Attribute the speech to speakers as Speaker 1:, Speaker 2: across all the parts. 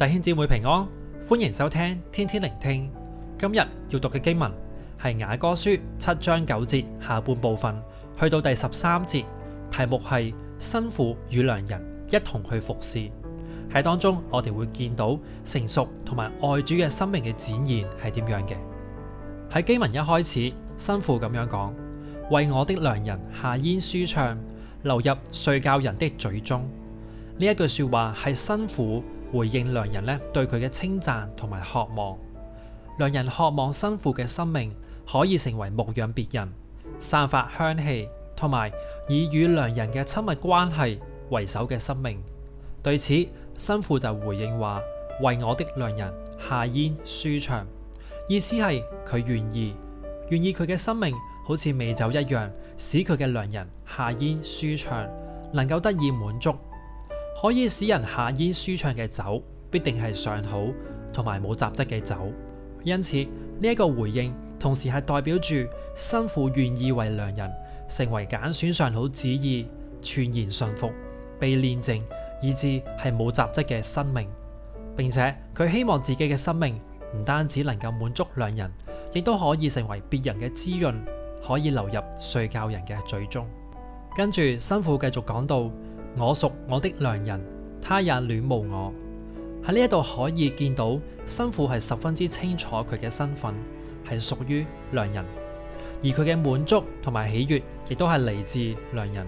Speaker 1: 弟兄姊妹平安，歡迎收聽天天靈聽。今日要讀嘅經文係雅歌書七章九節下半部分，去到第十三節，題目係新婦與良人一同去服事。喺當中，我哋會見到成熟同埋愛主嘅生命嘅展現係點樣嘅。喺經文一開始，新婦咁樣講：為我的良人下咽舒暢，流入睡覺人的嘴中。呢一句說話係新婦。回應良人咧對佢嘅稱讚同埋渴望，良人渴望新婦嘅生命可以成為牧養別人、散發香氣同埋以，以與良人嘅親密關係為首嘅生命。對此，新婦就回應話：為我的良人下咽舒暢，意思係佢願意，願意佢嘅生命好似美酒一樣，使佢嘅良人下咽舒暢，能夠得以滿足。可以使人下咽舒暢嘅酒，必定係上好同埋冇雜質嘅酒。因此呢一個回應，同時係代表住新婦願意為良人成為揀選上好旨意，全然順服，被煉淨，以致係冇雜質嘅生命，並且佢希望自己嘅生命唔單止能夠滿足良人，亦都可以成為別人嘅滋潤，可以流入睡覺人嘅嘴中。跟住新婦繼續講到。我屬我的良人，他也戀慕我。喺呢一度可以見到，新婦係十分之清楚佢嘅身份係屬於良人，而佢嘅滿足同埋喜悦亦都係嚟自良人，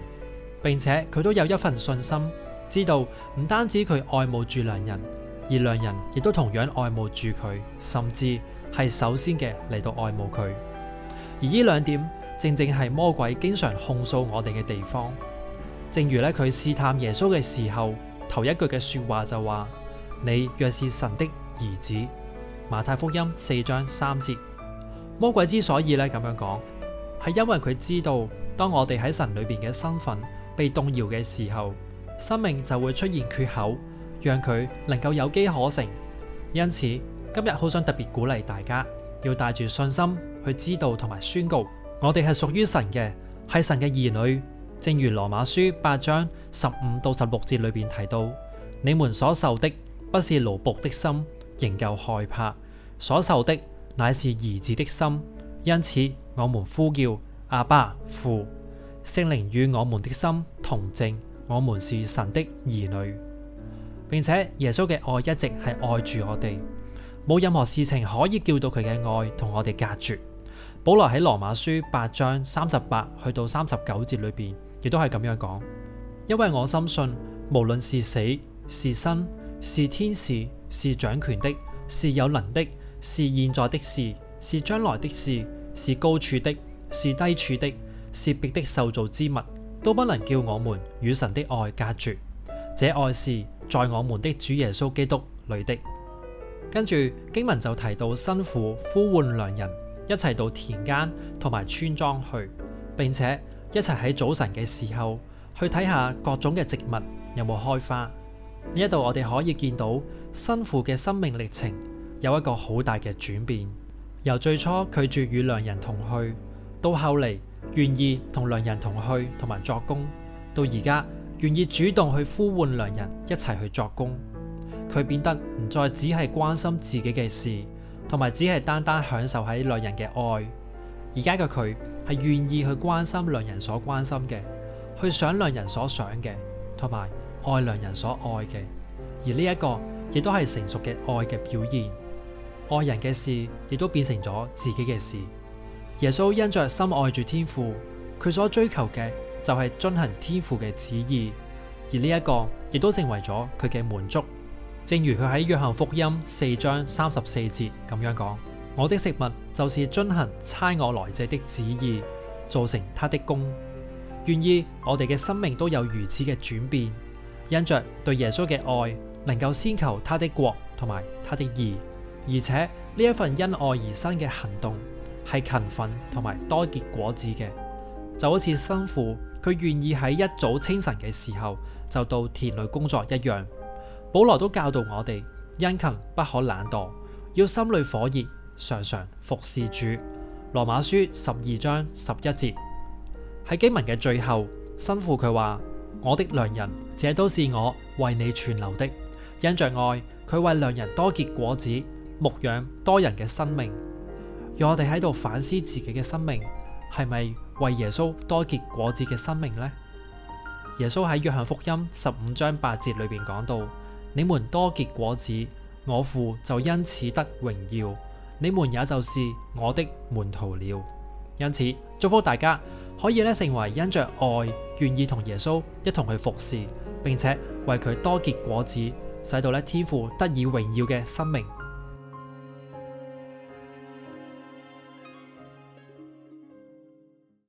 Speaker 1: 並且佢都有一份信心，知道唔單止佢愛慕住良人，而良人亦都同樣愛慕住佢，甚至係首先嘅嚟到愛慕佢。而呢兩點正正係魔鬼經常控訴我哋嘅地方。正如咧，佢試探耶穌嘅時候，頭一句嘅說話就話：你若是神的兒子。馬太福音四章三節。魔鬼之所以咧咁樣講，係因為佢知道，當我哋喺神裏面嘅身份被動搖嘅時候，生命就會出現缺口，讓佢能夠有機可乘。因此，今日好想特別鼓勵大家，要帶住信心去知道同埋宣告，我哋係屬於神嘅，係神嘅兒女。正如羅馬書八章十五到十六節裏邊提到，你們所受的不是奴僕的心，仍舊害怕；所受的乃是兒子的心。因此，我們呼叫阿爸父，聖靈與我們的心同證，我們是神的兒女，並且耶穌嘅愛一直係愛住我哋，冇任何事情可以叫到佢嘅愛同我哋隔絕。保羅喺羅馬書八章三十八去到三十九節裏邊。亦都係咁樣講，因為我深信，無論是死是生，是天使是掌權的，是有能的，是現在的事，是將來的事，是高處的，是低處的，是別的受造之物，都不能叫我們與神的愛隔絕。這愛是在我們的主耶穌基督裏的。跟住經文就提到，新婦呼喚良人，一齊到田間同埋村莊去，並且。一齊喺早晨嘅時候去睇下各種嘅植物有冇開花，呢一度我哋可以見到新婦嘅生命歷程有一個好大嘅轉變，由最初拒絕與良人同去，到後嚟願意同良人同去同埋作工，到而家願意主動去呼喚良人一齊去作工，佢變得唔再只係關心自己嘅事，同埋只係單單享受喺良人嘅愛。而家嘅佢係願意去關心良人所關心嘅，去想良人所想嘅，同埋愛良人所愛嘅。而呢一個亦都係成熟嘅愛嘅表現。愛人嘅事亦都變成咗自己嘅事。耶穌因着深愛住天父，佢所追求嘅就係遵行天父嘅旨意，而呢一個亦都成為咗佢嘅滿足。正如佢喺約翰福音四章三十四節咁樣講。我的食物就是遵行差我來者的旨意，做成他的工。願意我哋嘅生命都有如此嘅轉變，因着對耶穌嘅愛，能夠先求他的國同埋他的義。而且呢一份因愛而生嘅行動係勤奮同埋多結果子嘅，就好似新婦佢願意喺一早清晨嘅時候就到田裏工作一樣。保羅都教導我哋，殷勤不可懶惰，要心裏火熱。常常服侍主。羅馬書十二章十一節喺經文嘅最後，新婦佢話：我的良人，這都是我為你存留的。因着愛，佢為良人多結果子，牧養多人嘅生命。讓我哋喺度反思自己嘅生命係咪為耶穌多結果子嘅生命呢？耶穌喺約翰福音十五章八節裏邊講到：你們多結果子，我父就因此得榮耀。你們也就是我的門徒了，因此祝福大家可以咧成為因着愛願意同耶穌一同去服侍，並且為佢多結果子，使到咧天父得以榮耀嘅生命。